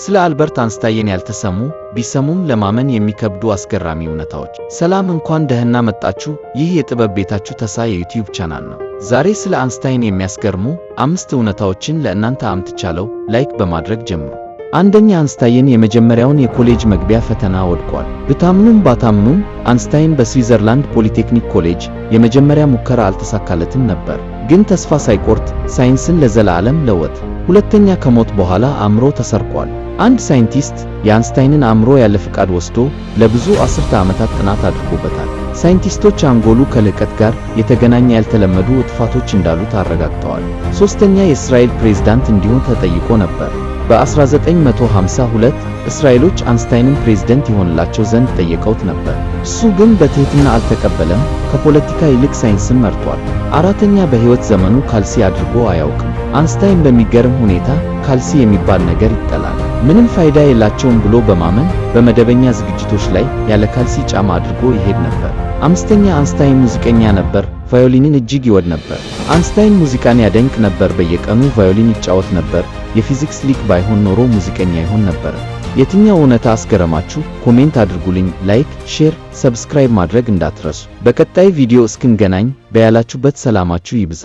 ስለ አልበርት አንስታየን ያልተሰሙ ቢሰሙም ለማመን የሚከብዱ አስገራሚ እውነታዎች። ሰላም እንኳን ደህና መጣችሁ። ይህ የጥበብ ቤታችሁ ተሳ የዩቲዩብ ቻናል ነው። ዛሬ ስለ አንስታይን የሚያስገርሙ አምስት እውነታዎችን ለእናንተ አምጥቻለሁ። ላይክ በማድረግ ጀምሩ። አንደኛ፣ አንስታይን የመጀመሪያውን የኮሌጅ መግቢያ ፈተና ወድቋል። ብታምኑም ባታምኑም አንስታይን በስዊዘርላንድ ፖሊቴክኒክ ኮሌጅ የመጀመሪያ ሙከራ አልተሳካለትም ነበር። ግን ተስፋ ሳይቆርጥ ሳይንስን ለዘላለም ለወጥ። ሁለተኛ ከሞት በኋላ አእምሮ ተሰርቋል። አንድ ሳይንቲስት የአንስታይንን አእምሮ ያለ ፍቃድ ወስዶ ለብዙ አስርተ ዓመታት ጥናት አድርጎበታል። ሳይንቲስቶች አንጎሉ ከልህቀት ጋር የተገናኘ ያልተለመዱ እጥፋቶች እንዳሉት አረጋግጠዋል። ሦስተኛ የእስራኤል ፕሬዝዳንት እንዲሆን ተጠይቆ ነበር። በ1952 እስራኤሎች አንስታይንን ፕሬዝደንት ይሆንላቸው ዘንድ ጠየቀውት ነበር። እሱ ግን በትህትና አልተቀበለም። ከፖለቲካ ይልቅ ሳይንስን መርጧል። አራተኛ በህይወት ዘመኑ ካልሲ አድርጎ አያውቅም። አንስታይን በሚገርም ሁኔታ ካልሲ የሚባል ነገር ይጠላል፣ ምንም ፋይዳ የላቸውም ብሎ በማመን በመደበኛ ዝግጅቶች ላይ ያለ ካልሲ ጫማ አድርጎ ይሄድ ነበር። አምስተኛ አንስታይን ሙዚቀኛ ነበር። ቫዮሊንን እጅግ ይወድ ነበር። አንስታይን ሙዚቃን ያደንቅ ነበር። በየቀኑ ቫዮሊን ይጫወት ነበር። የፊዚክስ ሊቅ ባይሆን ኖሮ ሙዚቀኛ ይሆን ነበር። የትኛው እውነታ አስገረማችሁ? ኮሜንት አድርጉልኝ። ላይክ፣ ሼር፣ ሰብስክራይብ ማድረግ እንዳትረሱ። በቀጣይ ቪዲዮ እስክንገናኝ በያላችሁበት ሰላማችሁ ይብዛ።